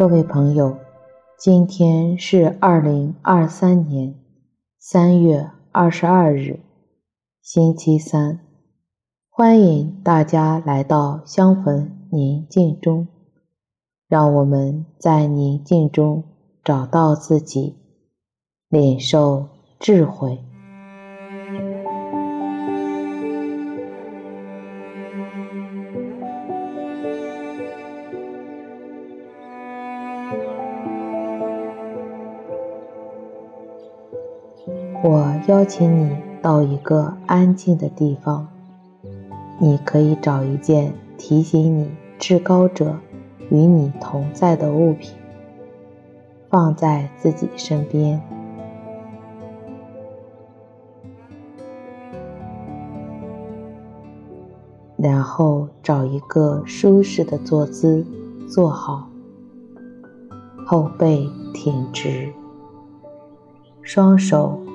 各位朋友，今天是二零二三年三月二十二日，星期三，歡迎大家來到相逢寧靜中，讓我們在寧靜中找到自己，領受智慧。我邀請你到一個安靜的地方，你可以找一件提醒你至高者與你同在的物品，放在自己身邊，然後找一個舒適的坐姿坐好，後背挺直，雙手，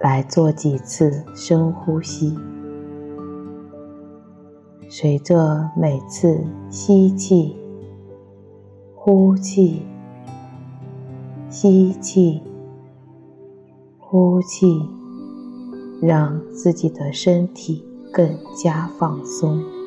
來做幾次深呼吸，隨着每次吸氣、呼氣、吸氣、呼氣，讓自己的身體更加放鬆。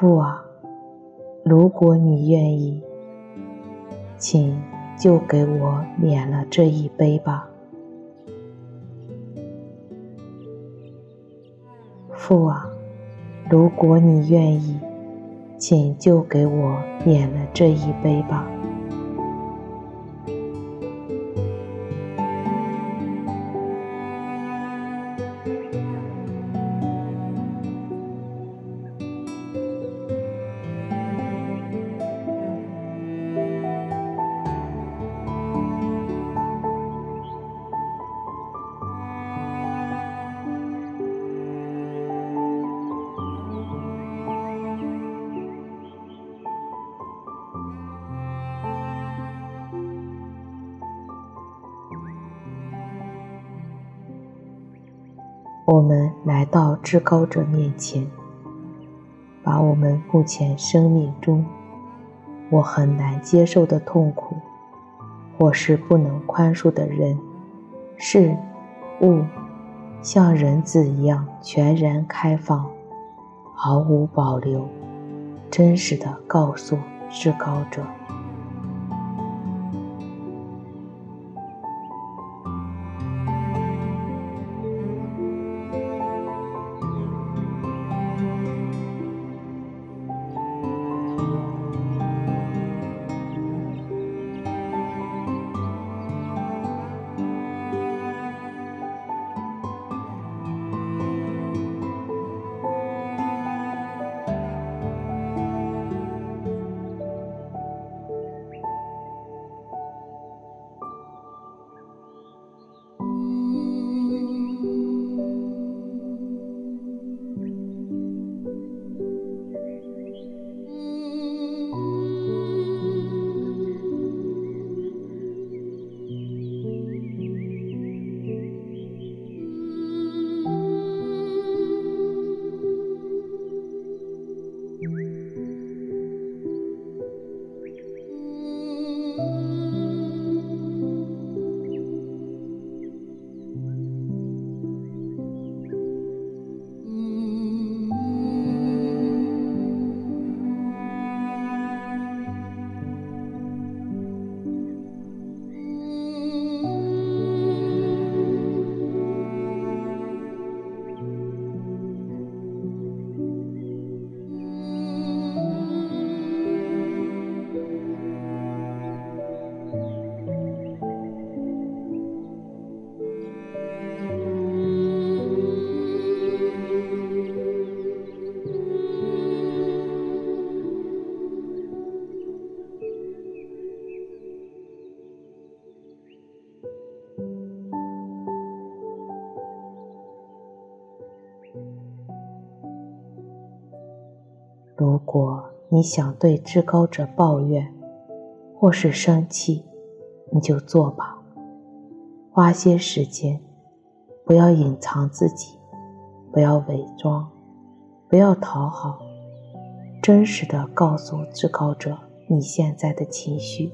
父啊，如果你願意，請就給我免了這一杯吧。父啊，如果你願意，請就給我免了這一杯吧。我們來到至高者面前，把我們目前生命中我很難接受的痛苦，或是不能寬恕的人、事、物，像人子一樣全然開放，毫無保留，真實的告訴至高者。你想對至高者抱怨，或是生氣，你就做吧。花些時間，不要隱藏自己，不要偽裝，不要討好，真實的告訴至高者你現在的情緒。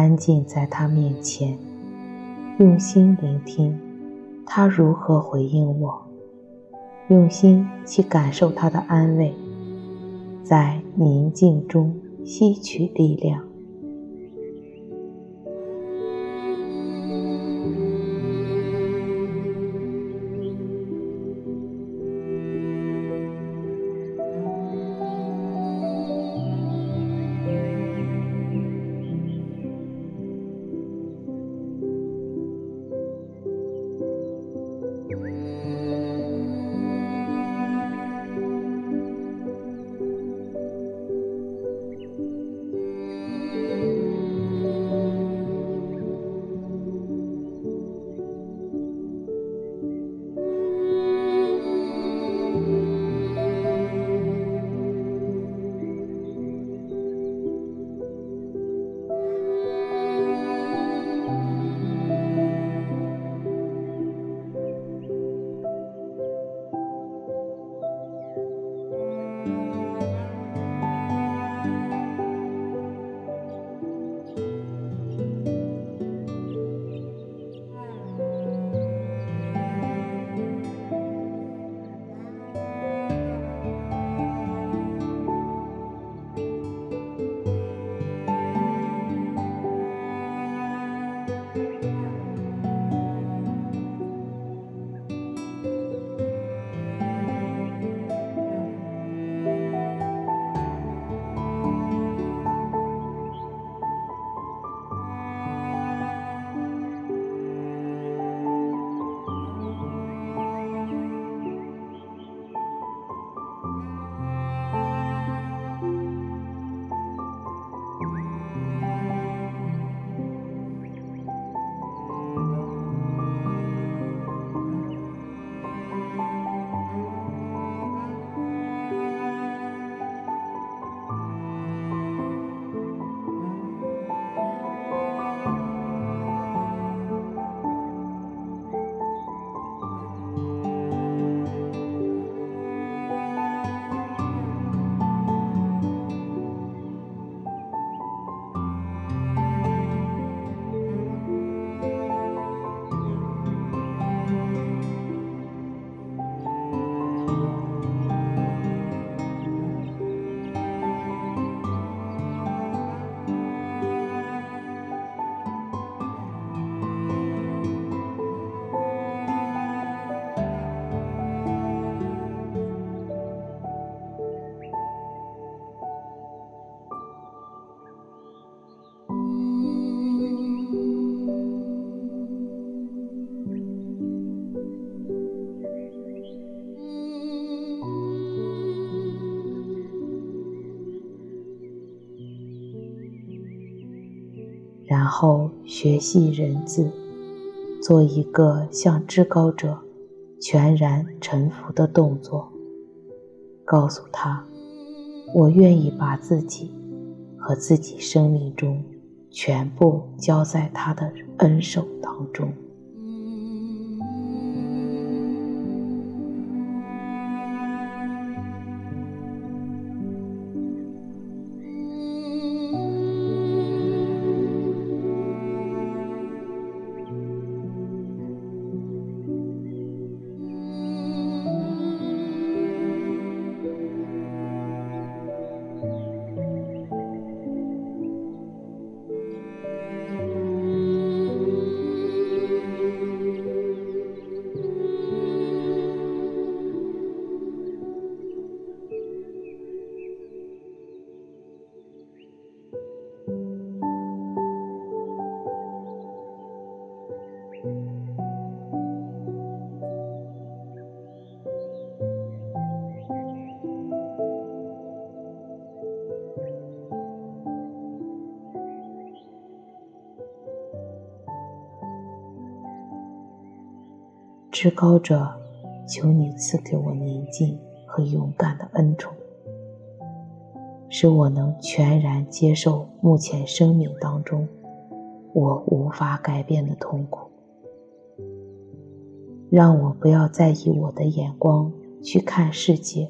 安靜在他面前，用心聆聽他如何回應我，用心去感受他的安慰，在寧靜中吸取力量。然後學習人子，做一個向至高者全然臣服的動作。告訴他，我願意把自己和自己生命中全部交在他的恩手當中。至高者，求你賜給我寧靜和勇敢的恩寵，使我能全然接受目前生命當中我無法改變的痛苦，讓我不要再以我的眼光去看世界，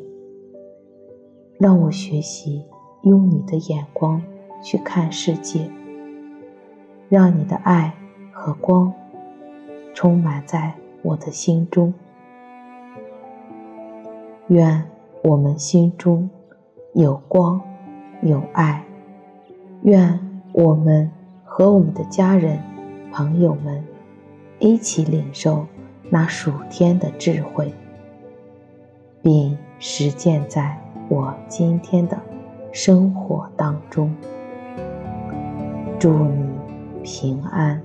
讓我學習用你的眼光去看世界，讓你的愛和光充滿在。我的心中，願我們心中有光有愛，願我們和我們的家人、朋友們一起領受那屬天的智慧，並實踐在我今天的生活當中。祝你平安。